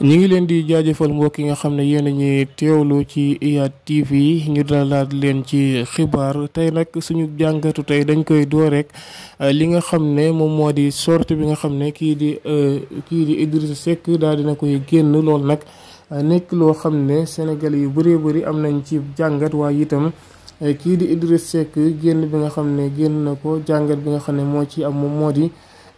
ñu ngi leen di jaajëfal mbokk yi nga xam ne yéen a ñuy teewlu ci IYAT TV ñu dalalaat leen ci xibaar tey nag suñu jàngatu tey dañ koy door rek euh, li nga xam ne moom moo di sorte bi nga xam ne kii di euh, kii di Idrissa Seck daal koy génn loolu nag euh, loo xam ne Sénégal yu bëree bëri am nañ ci jàngat itam kii di Idrissa Seck génn bi nga xam ne génn na ko jàngat bi nga xam ne moo ci am moom moo di.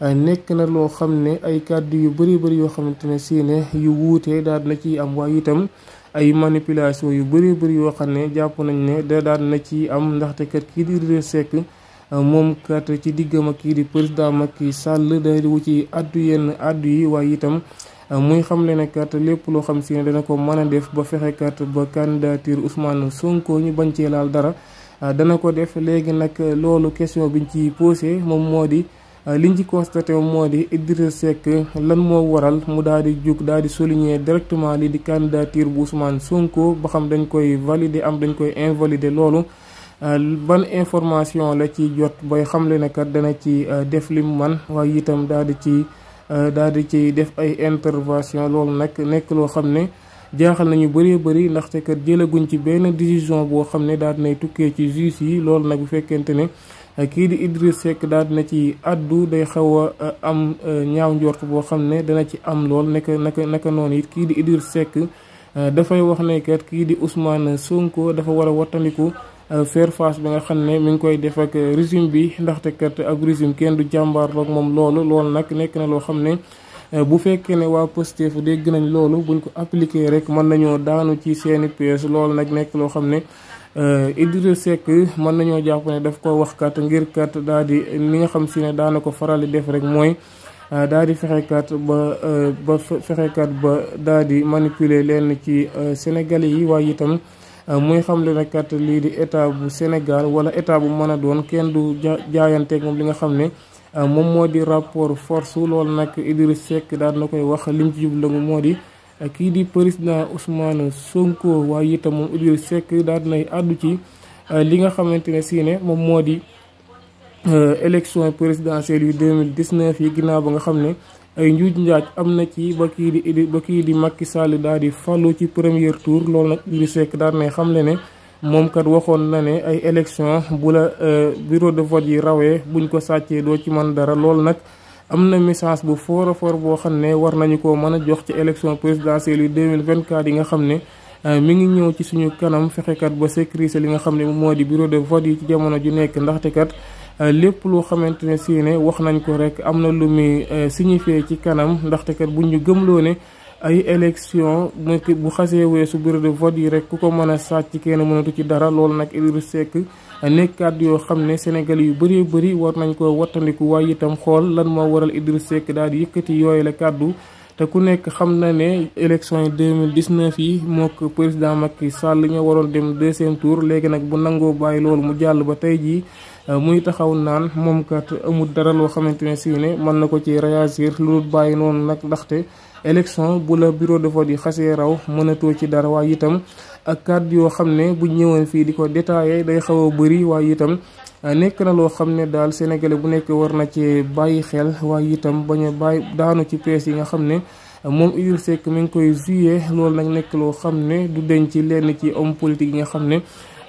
Euh, nekk na loo xam ne ay kàddu yu bëri bëri yoo xamante ne si ne yu wuute daal na ci am waaye itam ay manipulation yu bëri bëri yoo xam ne jàpp nañ ne da daal na ci am ndaxte kat kii di Idrissa Seck euh, moom kat ci diggam ak kii di président Macky Sall da wu ci addu yenn addu yi waaye itam euh, muy xamle ne kat lépp loo xam si dana ko mën def ba fexe kat ba candidature Ousmane Sonko ñu bañ cee laal dara dana ko def léegi nag loolu question biñ ci poose moom moo di Euh, liñ ci constaté moo di Idriss Seck lan moo waral mu daal di jug daal di souligner directement li di candidature bu Ousmane Sonko ba xam dañ koy valider am dañ koy invalider loolu euh, ban information la ci jot bay xamle ne kat dana ci euh, def li man waaye itam daal di ci daal di ci def ay intervention loolu nag nekk loo xam ne jaaxal nañu bëree bëri ndaxte kat jëlaguñ ci benn décision boo xam ne daal di nay tukkee ci juge yi loolu nag bu fekkente ne kii di Idriss Seck daal dina ci addu day xaw a am e, ñaaw njort boo xam ne dana ci am lool naka naka naka noonu it kii di Idriss Seck e, dafay wax ne kat kii di Ousmane Sonko dafa war a wattandiku e, bi nga xam ne mi ngi koy def ak bi ndaxte kat ak kenn du jàmbaarloog moom loolu loolu nag nekk na loo xam ne bu fekkee ne waa Pastef dégg nañ loolu buñ ko appliqué rek mën nañoo daanu ci seeni pièces loolu nag nekk loo xam ne. Euh, Idrissa Seck mën nañoo jàpp ne daf ko wax kat ngir kat daa di li nga xam si ne daana ko faral di def rek mooy euh, daa di fexekat ba euh, ba fexekat ba daa di manipuler leen ci Sénégalais yi waaye itam muy xam le kat lii di état bu Sénégal wala état bu mën a doon kenn du jaayanteeg moom li nga xam ne moom moo di rapport force loolu nag Idrissa Seck daal na koy wax lim ci jublu moo di kii di président Ousmane Sonko waaye itam moom Idrissa Seck daal àddu ci euh, li nga xamante ne si moom moo di euh, élection présidentielle yu 2019 yi ginnaaw ba nga xam ne ay njuuj njaaj am na ci ba kii di ba saali di daal di falu ci première tour loolu nag Idrissa Seck daal dinay xam ne ne moom kat waxoon na ne ay élection bu la euh, bureau de vote yi rawee buñ ko sàccee doo ci man dara loolu nag am na message bu foor a foor boo xam ne war nañu ko mën a jox ci élection présidentielle yu 2024 yi nga xam ne euh, mi ngi ñëw ci suñu kanam fexekat ba sécuriser li nga xam ne moo di bureau de vote yi ju nekk ndaxte kat euh, lépp loo xamante ne si ne wax nañ ko rek am na lu muy euh, signifié ci kanam ndaxte kat bu ñu loo ne ay élection bu xasee weesu bureau de vote yi rek ku ko mën a sàcc kenn mënatu ci dara loolu nag Idrissa Seck nekk kàddu yoo xam ne Sénégal yu bëree bëri war nañ ko wattandiku waaye itam xool lan moo waral Idriss Seck daal di yëkkati yooyu la kàddu te ku nekk xam na ne élection yi 2019 yi mook président Macky Sall ñoo waroon dem deuxième tour léegi nag bu nangoo bàyyi loolu mu jàll ba tey jii muy taxaw naan moom kat amul dara loo xamante ne si ne mën na ko ci réagir lu dul bàyyi noonu nag ndaxte élection bu la bureau de vote yi xasee raw mënatoo ci dara waaye itam ak kàddu yoo xam ne buñ ñëwoon fii di ko détaillé day xaw a bëri waaye itam euh, nekk na loo xam ne daal sénégale bu nekk war na ci bàyyi xel waaye itam bañ a bàyyi daanu ci presse yi nga xam ne euh, moom Idrissa Seck mi ngi koy joué loolu nag nekk loo xam ne du denc ci lenn ci homme politique yi nga xam ne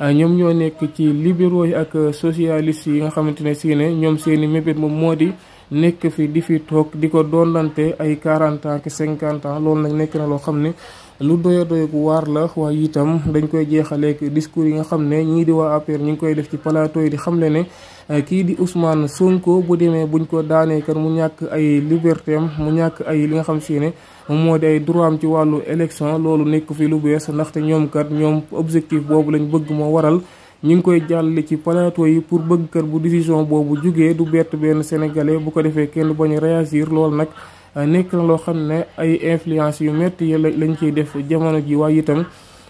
euh, ñoom ñoo nekk ci libéraux yi ak socialistes yi nga xamante ne si ñoom seen i mébét moom moo di nekk fi di fi toog di ko doonlante ay 40 ans ak 50 ans loolu nag nekk na loo xam ne lu doy doy gu waar la waaye itam dañ koy jeexal jeexaleek discours yi nga xam ne ñii di waa APR ñu ngi koy def ci plateau yi di xam ne eh, kii di Ousmane Sonko bu demee buñ ko daanee kan mu ñàkk ay liberté mu ñàkk ay li nga xam si ne moo de ay droit am ci wàllu élection loolu nekk fi lu bees ndaxte ñoom kat ñoom objectif boobu lañ bëgg moo waral. ñu ngi koy jàll ci plateau yi pour bëgg kër bu décision boobu jugee du bett benn sénégalais bu ko defee kenn bañ a réagir lool nag euh, nekk na loo xam ne ay influence yu métti yi lañ ciy def jamono ji waaye itam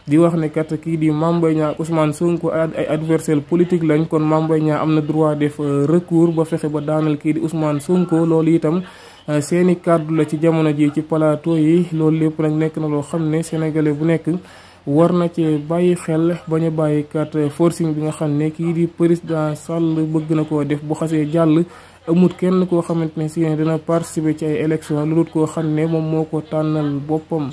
di wax ne kat kii di Mame Mbaye Niang Ousmane Sonko ay politique lañ kon Mame Mbaye Niang am na droit def euh, recours ba fexe ba daanal kii di Ousmane Sonko loolu itam euh, seeni kàddu la ci jamono ji ci plateau yi loolu lépp nag nekk na loo xam ne sénégalais bu nekk war na cee bàyyi xel bañ a bàyyi kat forcing bi nga xam ne kii di président Sall bëgg na koo def bu xasee jàll amut kenn koo xamante ne si dina participer ci ay élection lu dul koo xam ne moom moo ko tànnal boppam